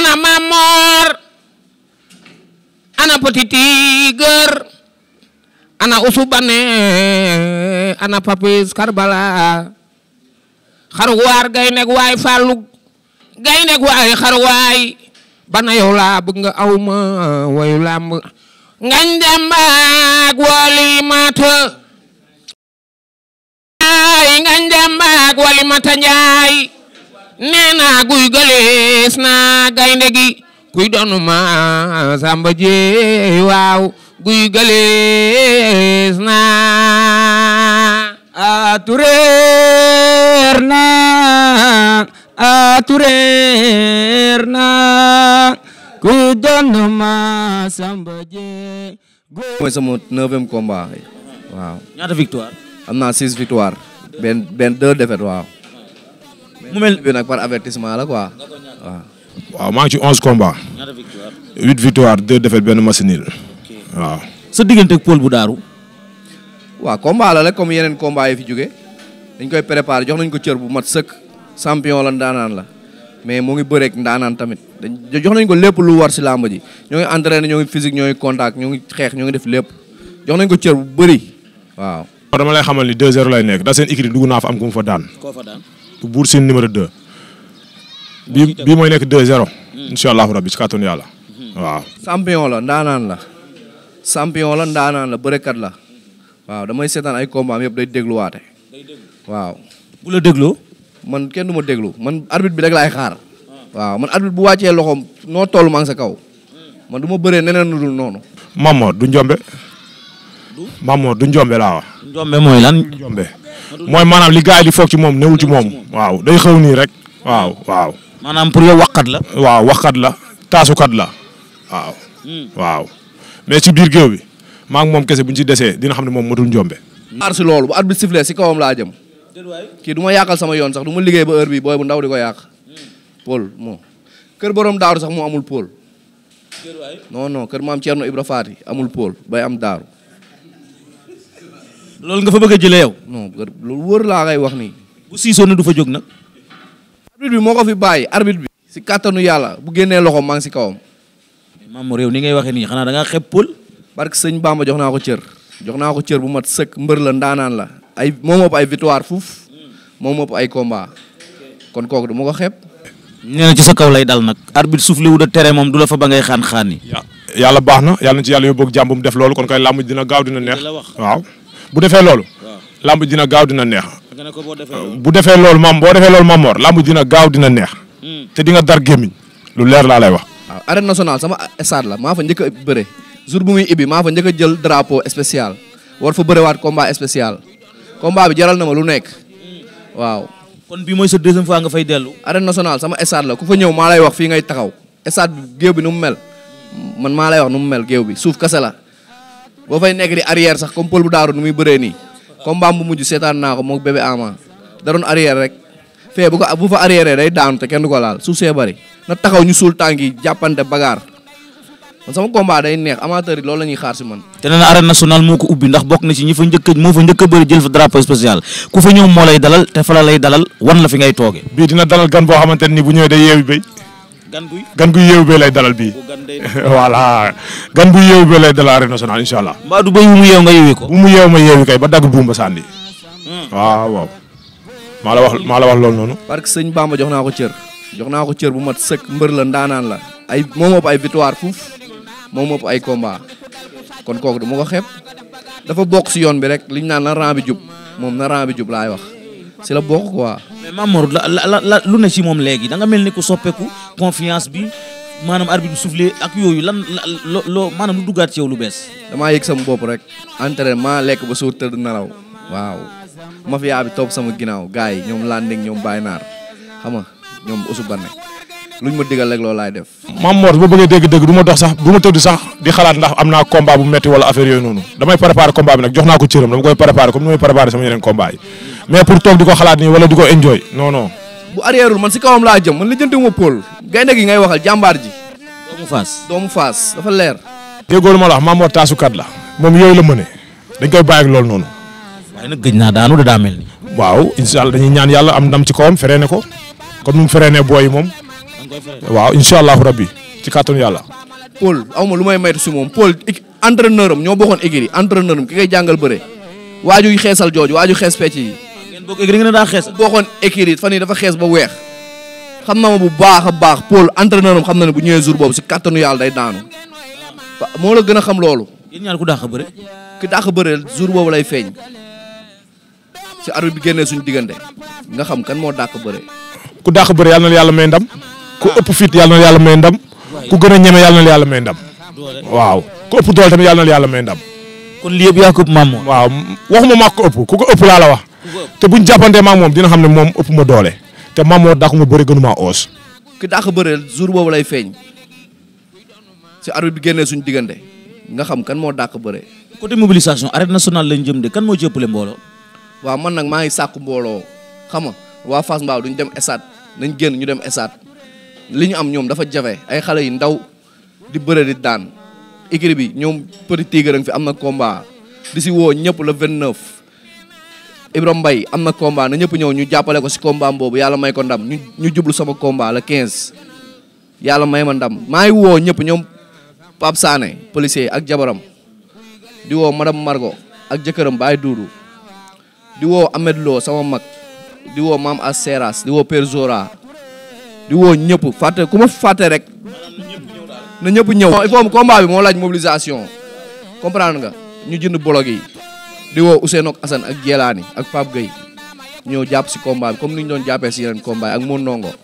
ana Mamor ana Petit Tigre ana Usubane ana Papis Karbala xarwaar gay nekk waay Fallou gay nekk waay xarwaay bana yow laa bëgg nga aw ma wayu làmb ngañ dem wali mata ay ngañ wali mata njaay nee naa guy gëlees naa gaynde gi kuy doonu ma samba jéey waaw guy gëlees naa a tureer naa a tureer naa kuy doonu ma samba jéey mooy sama neuvième combat waaw ñaata victoire waaw mu mel bi nag par avertissement la quoi waaw. waaw maa ngi ci onze combats. huit victoires deux défaites benn match nul waaw. sa diggante ak Paul bu daaru waaw combat la rek comme yeneen combat yi fi jóge dañ koy préparer jox nañ ko cër bu mat sëkk champion la ndaanaan la mais mu ngi bëreek ndaanaan tamit dañ jox nañ ko lépp lu war si làmb ji ñoo ngi entraîné ñoo ngi physique ñoo ngi contact ñoo ngi xeex ñoo ngi def lépp jox nañ ko cër bu bëri waaw. dama lay xamal ni 2 naa am ku mu fa daan. koo daan. Bour Sine numéro 2. bii bii mooy nekk 2-0. Hmm. incha allahu rabbi ci kàttanu yàlla. Hmm. waaw. champion la ndaanaan la. champion la ndaanaan la waaw damay seetaan ay combat am yëpp day dégluwaate. waaw. bu la man kenn du ma déglu man arbitre bi rek laay xaar. waaw man arbitre bu wàccee loxoom noo toll maa ngi sa kaw. Hmm. man du ma bëree neneen lu dul noonu. Mamor du Njombe. Mamor du Njombe laa wax. mooy maanaam li gars yi di foog ci moom newul ci moom waaw day xew nii rek waaw waaw. maanaam pour yow waxkat la. waaw waxkat la taasukat la waaw. Hmm. waaw mais ci biir géew bi maa ngi moom kese bu ñu ci desee dina xam ne moom motul njombe. aar si loolu bu at bi siflee si kawam laa jëm. kii du ma yàqal sama yoon sax du ma liggéey ba heure bi booy bu ndaw di ko yàq. Hmm. Paul moom kër borom daaru sax mu amul Paul. non non kër maam Thierno Ibra Faati amul Paul bay am daaru. loolu nga fa bëgg a jëlee yow. non loolu wóor laa ngay wax nii. bu siisoo ne du fa jóg nag. arbitre bi moo ko fi bàyyi arbitre bi. si kàttanu yàlla bu génnee loxo maa ngi si kawam. maam réew ni ngay waxee nii xanaa da ngaa xeeb Paul. barke sëñ Bamba jox naa ko cër. jox naa ko cër bu mat sëkk mbër la ndaanaan la. ay moom ëpp ay victoire fuuf. moom ëpp ay combat. kon kooku du ma ko xeeb. nee na ci sa kaw lay dal nag. arbitre suuf li wu da tere moom du la fa ba ngay xaan xaan yi. yàlla baax na yàlla na ci yàlla yóbbu ak jàmm bu mu def loolu kon kay làmb dina gaaw dina neex. waaw. bu defee loolu. lamb dina gaaw dina neex. bu defee loolu maam boo defee loolu maam Mor lamb dina gaaw dina neex. Hmm. te dinga nga dar gémmiñ lu leer laa lay wax. waaw arène sama stade la maa fa njëkk a bëre jour bu muy ibbi maa fa njëkk a jël drapeau spécial war fa bërewaat combat spécial combat bi jaral na ma lu nekk hmm. waaw. kon bi mooy sa deuxième fois nga fay dellu. arène nationale sama stade la ku fa ñëw maa lay wax fii ngay taxaw stade bi géew bi nu mu mel man maa lay wax nu mu mel géew bi suuf kase la. boo ay nekk di arrière sax comme pël bu daaru nu muy bëree nii combat bu mujj seetaan naa ko moom bébé ama da rek fee bu ko bu fa arrière day daanu te kenn du ko laal suuf see bëri na taxaw ñu suul tànk yi jàppante bagaar man sama combat day neex amateur yi loolu la ñuy xaar si man. te na arène nationale moo ko ubbi ndax bokk na si ñi fa njëkk moo fa njëkk a jël fa drapeau spécial ku fa ñëw moo lay dalal te fa la lay dalal wan na fi ngay toogee. bii dina dalal gan boo xamante ne nii bu ñëwee day yeewi gan guy gan guy yeewu bee lay dalal bii voilà gan guy yeewu bee lay dalal arène nationale incha allah. mbaa du béy bu mu yeew nga yeewi ko. bu mu yeew ma yeewi kay ba dagg buumba sànni. Hmm. waaw waaw. maa la wax maa la wax loolu noonu. parce que sëñ Bamba jox naa ko cër. jox naa ko cër bu mat sëkk mbër la ndaanaan la. ay moom ay victoire fuuf moom ëpp ay combat kon kooku du ma ko dafa bokk si yoon bi rek liñ naan na rang bi jub moom na rang bi jub laay wax. si la bokk quoi. mais Mamor la la la lu ne ci moom léegi da mel ni ku soppeeku confiance bi maanaam arbitre bi soufflé ak yooyu lan lo loo maanaam lu duggaat ci yow lu bees. damaa yëg sama bopp rek. entraînement lekk ba suur tëdd nelaw. waaw mafia bi topp sama yi ñoom Landing ñoom Baye Naar xam nga ñoom Ousou Bane luñ ma digal rek loolu laay def. Mamor bu bëggee dégg-dégg du ma dox sax du ma tëdd sax di xalaat ndax am naa combat bu metti wala affaire yooyu noonu damay préparer combat bi nag jox naa ko cëram dama koy préparer comme ni may mais pour toog di ko xalaat nii wala di ko enjoy non non. bu arrièreul man si kawam laa jëm man lijjantiwuma Paul. gaynde gi ngay waxal jàmbaar ji. doomu faas doomu faas dafa leer. déggoo ma la wax Mamor taasukat la. moom yooyu la mëne dañ koy bàyyi ak loolu noonu. waaye nag gëj naa daanu da daa waaw incha allah dañuy ñaan yàlla am ndam ci kawam feree ne ko comme ni mu feree ne booy moom. waaw incha allahu rabbi ci kàttanu yàlla. Paul aw ma lu may maytu si moom Paul entraîneur am ñoo bokkoon écurie entraîneur am ki koy jàngal bëre waaju xeesal jooju waaju xees pecc yi bokk écurie nga ne daa xees bokkoon écurie fan yii dafa ba weex xam na ma bu baax a baax Paul entraîneur am xam na ne bu ñëwee jour boobu si kattanu yàlla day daanu moo la gën a xam loolu yéen ñaar ku dàq ki dàq bëre jour boobu lay feeñ si arbitre bi génnee suñu diggante nga xam kan moo dàq bëre ku dàq bëre yàlla na yàlla may ndam ku ah. ëpp fit yàlla na yàlla may ku gën a ñeme yàlla na yàlla may ndam waaw ku ëpp doole yàlla na kon lii yaa ko ëpp maam waaw waxuma maa ko ëpp ku ko ëpp laa la wax te buñ jàppante maag moom dina xam ne moom ëpp ma doole te maam moo dàq ma bëri gënu maa oos. ki dàq bëreel jour boobu lay feeñ si arbitre bi génnee suñu diggante nga xam kan moo dàq bëre. côté mobilisation arène nationale lañ jëm de kan moo jëppale ëppale mbooloo. waaw man nag maa ngi sàkku mbooloo xam nga waa Fass Mbao duñ dem esaat nañ génn ñu dem esaat li ñu am ñoom dafa jafe ay xale yu ndaw di bëre di daan écurie bi ñoom Petit Tigre fi am na combat di si woo ñëpp le 29. Ibra Mbaye am na combat na ñëpp ñëw ñu jàppale ko si combat boobu yàlla may ko ñu ñu jublu sama combat le 15 yàlla may mandam maa ngi woo ñëpp ñoom Pape Sané policier ak jabaram diwoo woo madame ak jëkkëram Baye Doudou di woo sama mag diwoo woo Mame As Seras di woo ñëpp fàtte ku ma fàtte rek na ñëpp ñëw il faut combat bi moo laaj mobilisation comprendre nga ñu jënd bolog yi di woo Ousseynou ak Assane ak Jelaani ak Pape Gueye ñëw jàpp si combat bi comme ni ñu doon jàppee si yeneen combat yi ak Mon Ndongo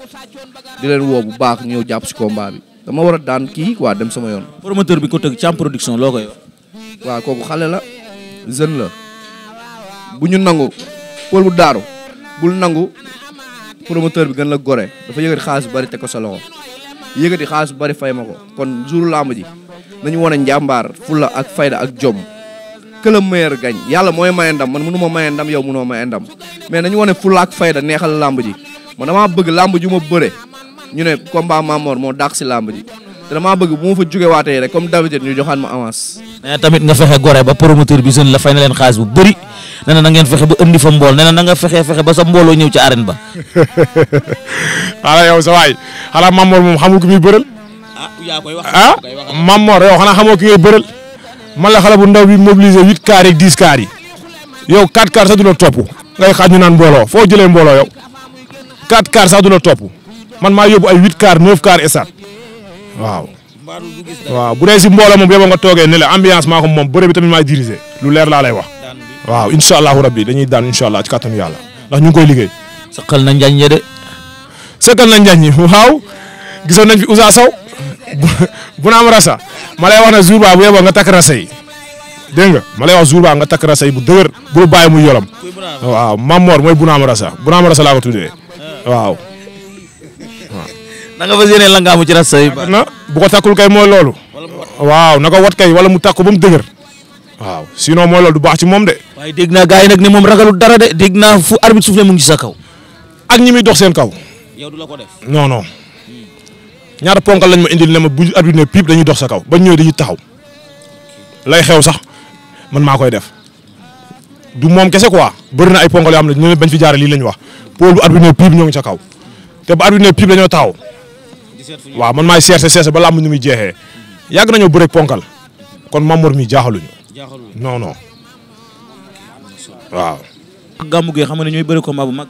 di leen woo bu baax ñëw jàpp si combat bi dama war a daan kii waa dem sama yoon. promoteur bi ko teg Thiam production loo koy wax. waaw kooku xale la jeune la bu ñu nangu pël bu daaru bul nangu promoteur bi gën la gore dafa yëkkati xaalis bu bari teg ko sa loxo yëkkati xaalis bu bari fay ma ko kon jour làmb ji nañu wane njàmbaar fulla ak fayda ak jom. que le meilleur gagne yàlla mooy maye ndam man mënu ma maye ndam yow mënoo maye ndam mais nañu wane fulla ak fayda neexal làmb ji man damaa bëgg làmb ju ma bëre ñu ne combat Mamor moo dàq si làmb ji te damaa bëgg bu ma fa jóge waatee rek comme d'habitude ñu joxaan ma avance. nee tamit nga fexe gore ba promoteur bi jeune la fay na bu bëri nee na fexe ba indi fa mbool nee na fexe fexe ba sa mbooloo ñëw ci ba. xanaa yow sa waay xanaa Mamor man la xale bu ndaw bi mobiliser huit kaar yeeg dix kaar yi yow quatre kaar sax du la topp ngay xaaj ñu naan mbooloo foo jëlee mbooloo yow quatre kaar sax du la topp man maa yóbbu ay huit kaar neuf kaar esat waaw. bu dee si mbooloo moom yow nga toogee ne la ambiance maa ko moom bëre bi tamit maa diriger lu leer laa lay wax waaw incha allahu rabbi dañuy daan incha allah ci kàttanu yàlla ndax ñu koy liggéey. sëqal na njañ ñe de. na njañ ñi waaw gisoon nañ fi bu na am rasa ma lay wax ne jour bu yeboo nga takk rasa yi dégg nga ma lay wax jour nga takk rasa yi bu dëgër bul bàyyi mu yolam waaw Mamor mooy bu na am rasa bu na am rasa laa ko tuddee ah. waaw. na nga fas yéene la nga am ci rasa yi bu ko takkul kay mooy loolu. waaw na ko wat kay wala mu takku ba mu dëgër. waaw sinon mooy loolu du baax ci moom de. waaye dégg naa gars yi nag ne moom ragalul dara de dégg naa fu arbitre suuf ne mu ngi sa kaw. ak ñi muy dox seen kaw. yow la ko def ñaata ponkal lañ ma indil ne ma bu adduna pipe dañuy dox sa kaw ba ñëwee dañuy taxaw lay xew sax man maa koy def du moom kese quoi bëri na ay ponkal yoo xam ne ñu bañ fi jaar lii lañ wax pool bu adduna pipe ñoo ngi sa kaw te bu adduna pipe dañoo taxaw waaw man maay seerse seerse ba làmb ñu muy jeexee yàgg nañoo bëreeg ponkal kon Mamour mi jaaxaluñu non non waaw. gàmmu gi xam nga ne ñooy bëri combat bu mag.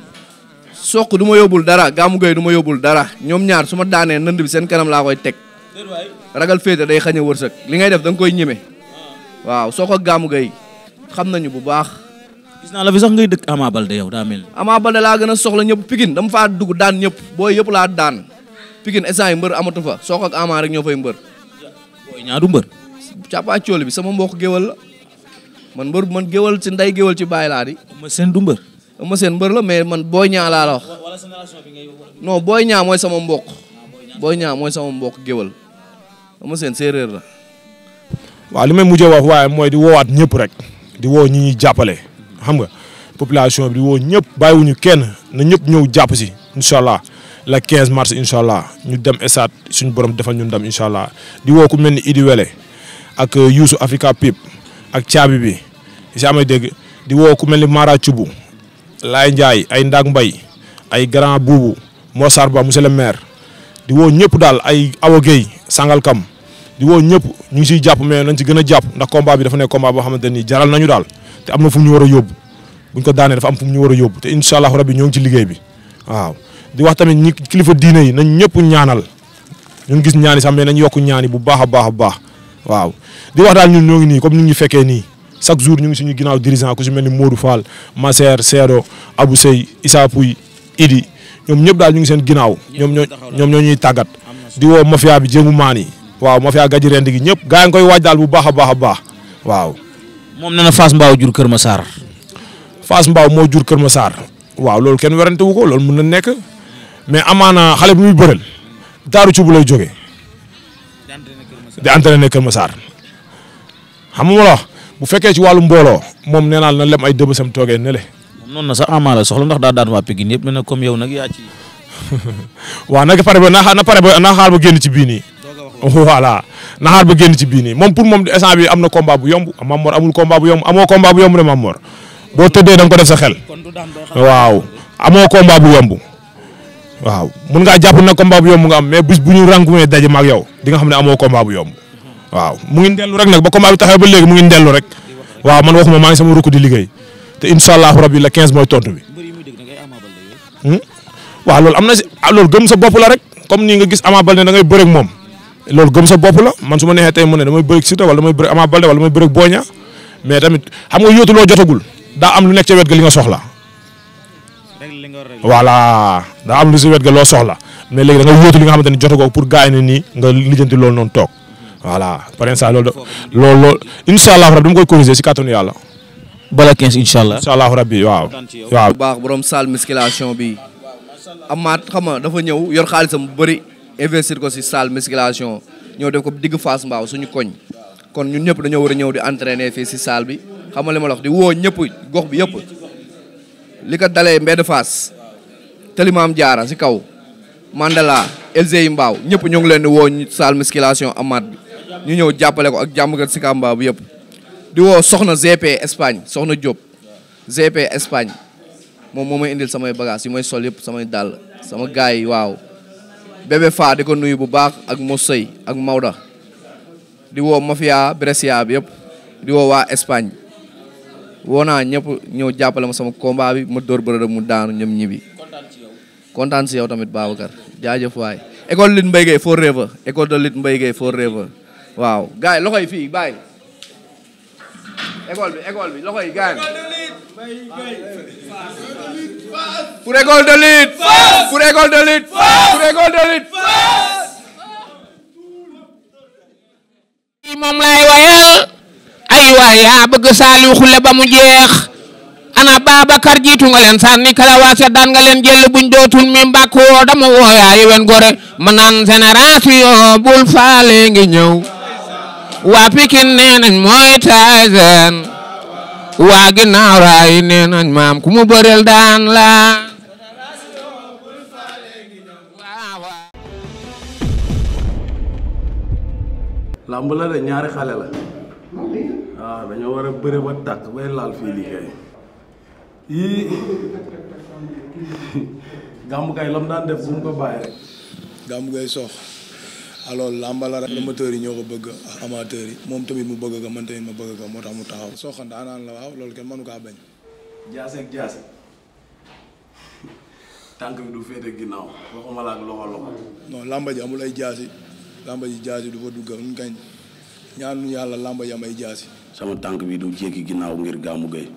sook du ma yóbbul dara gaamu gay du ma yóbbul dara ñoom ñaar su ma daanee nënd bi seen kanam laa koy teg ragal féete day xañ a wërsëg li ngay def da nga koy ñeme ah. waaw soq ak gaamu gay xam nañu bu baax. gis naa la fi sax ngay dëkk Ama daa Ama Balde laa gën soxla ñëpp Pikine dama faa dugg daan ñëpp booy yëpp laa daan Pikine instant yi mbër amatu fa soq ak Ama rek ñoo fay mbër. booy ñaar du mbër. bi sama mbokk géwal la man mbër man géwal ci nday ci baay laa di. ma seen du Eumeu Sène mbër la mais man Boy Niang laa la mooy sama mbok Boy Niang mooy sama mbokk ah, géwal. Eumeu séeréer la. waa li may mujjee wax waaye mooy di woowaat ñëpp rek. di woo ñi ñuy jàppale. xam nga population bi di woo ñëpp. bàyyiwuñu kenn na ñëpp ñëw jàpp si incha allah le 15 mars incha allah ñu dem esaat suñu borom defal ñu ndam incha allah di woo ku mel ni Idi ak euh, Youssou Africa Pip ak caabi bi si amay di woo ku mel ni Mara Cubu Laay Ndiaye ay Ndak Mbay ay Grand Boubou Mosar Ba monsieur le maire di woo ñëpp daal ay Awa Gueye Sangalkam di woo ñëpp ñu ngi siy jàpp mais nañ ci gën a jàpp ndax combat bi dafa nekk boo xamante ni jaral nañu daal te am na fu ñu war a yóbbu buñ ko daanee dafa am fu ñu war a yóbbu te incha allahu bi ñoo ngi ci liggéey bi waaw di wax tamit ñi kilifa diina yi nañ ñëpp ñaanal ñu ngi gis ñaani sax mais nañ yokk ñaani bu baax a baax a baax waaw di wax daal ñun ñoo ngi nii comme ñu ngi fekkee nii chaque jour ñu ngi suñu ginnaaw dirigeant ku si mel ni Modou Fall Maser Seedo Abou Sey Issa Pouy Idi ñoom ñëpp daal ñu ngi seen ginnaaw ñoom ñoo ñoom ñoo ñuy tàggat di woo mafia bi jéemu maan yi waaw mafia gaji rend gi ñëpp gaa yi nga koy waaj daal bu baax a baax a baax waaw. moom nee na Fass Mbao jur Kër Massar. Fass Mbao moo jur Kër Massar. waaw loolu kenn werante wu ko loolu mën na nekk mais amaana xale bi muy bëreel daaru ci bu lay jógee. di entraîné Kër Massar xam nga ma la wax bu fekkee ci wàllu mbooloo moom nee naa na lem ay dëbësam toogee ne le. noonu na sax Ama la soxla ndax daa daan waa Pikine yëpp ne comme yow nag yaa ci. waaw nag ba na pare ba na génn ci bii nii. voilà na xaar ba génn ci bii nii moom pour moom instant bi am na combat bu yomb Mamor amul combat bu yomb amoo combat bu yomb de Mamor boo tëddee da nga ko def sa xel. waaw amoo combat bu yomb. waaw mun ngaa jàpp na combat bu yomb nga am mais bis bu ñu rànkuwee daje ma ak yow di nga xam ne amoo combat bu yomb. waaw mu ngi dellu rek nag ba combat bi taxaw ba léegi mu ngi dellu rek waaw man waxuma maa ngi sama rukk di liggéey te incha allahu rabbi la 15 mooy tontu bi. Hmm? waaw loolu am na si ah, loolu gëm sa bopp la rek comme nii nga gis Ama Baldé da ngay bëre moom loolu gëm sa bopp la man su ma neexee tey mu ne damay bëre ak Siteu wala damay bëre Ama Baldé wala damay bëre ak Boy mais tamit xam nga yóotu loo jotagul daa am lu nekk ca wet ga li nga soxla. voilà daa am lu si wet ga loo soxla mais léegi da nga yóotu li nga xamante ne jotagoo pour gars yi ne nii nga lijjanti loolu noonu toog. voilà par exemple loolu de loolu loolu incha allah rabi dama koy corriger si kàttanu yàlla. bala 15 incha allah allah rabi waaw. waaw bu baax borom salle musculation bi amaat xam dafa ñëw yor xaalisam bu bëri investir ko si salle musculation ñëw def ko digg Fass Mbao suñu koñ. kon ñun ñëpp dañoo war a ñëw di entraîner fii si salle bi xam nga ma la wax di woo ñëpp gox bi yëpp li ko dalee mbedd Fass Talimaam Jaara si kaw Mandela Elzey Mbao ñëpp ñu ngi leen di woo salle musculation amaat ñu ñëw jàppale ko ak jàmm gën si kàmbaa bu yëpp di woo soxna GP Espagne soxna Diop GP Espagne moom moo may indil samay bagages yi may sol yëpp samay dàll sama gaay yi waaw bébé faa di ko nuyu bu baax ak Mosey ak Maoda di woo mafia Brescia bi yëpp di woo waa Espagne woo naa ñëpp ñëw jàppale ma sama combat bi ma dóor bërëb mu daanu ñoom ñibbi kontaan si yow tamit Babacar jaajëf waay école lit Mbaye Gueye forever école de lit waaw gars yi loxo yi fii bàyyi école bi école bi loxo yi gars yi pour école de lutte pour école de lutte pour école de lutte moom lay wayal ay waay yaa bëgg saaliw xule ba mu jeex ana Babacar jiitu nga leen sànni kala waase daan nga leen jël buñ dootul mi mbàkk woo dama woo yaa yewen gore ma naan génération bul faale ngi ñëw waa Pikine nee nañ mooy Tyson waa ginnaaw raay nee nañ maam ku mu bëreel daan la làmb la ñaari xale la waaw dañoo war a bëre ba tàkk bay laal fii kay lam daan def bu ko bàyyi rek gàmb kay sox alors làmba la rek amateurs hmm. yi ñoo ko bëgg amateurs yi moom tamit mu bëgg ko mën tamit ma bëgg ko moo tax mu taxaw soxan daanaan la waaw loolu kenn mënu kaa bañ jaase ak bi du féete ginnaaw waxuma ji amul ay jaasi lamba ji jaasi du fa dugga ñu yàlla lamba ji am ay jaasi sama tànk du jéggi ginnaaw ngir gaamu gay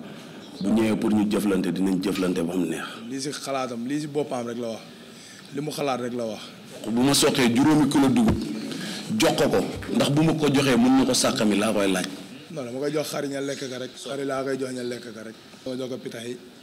bu ñëwee pour ñu jëflante dinañ jëflante ba mu neex lii si xalaatam lii si boppam rek la wax li mu xalaat rek la wax bu ma soqee juróomi kilo dugub jox ko ndax bu ma ko joxee mën na ko sàkkami laa koy laaj. non ma koy jox xar ña lekk ka rek. xar laa koy jox ña lekk ka rek. ma jox ko pitax yi.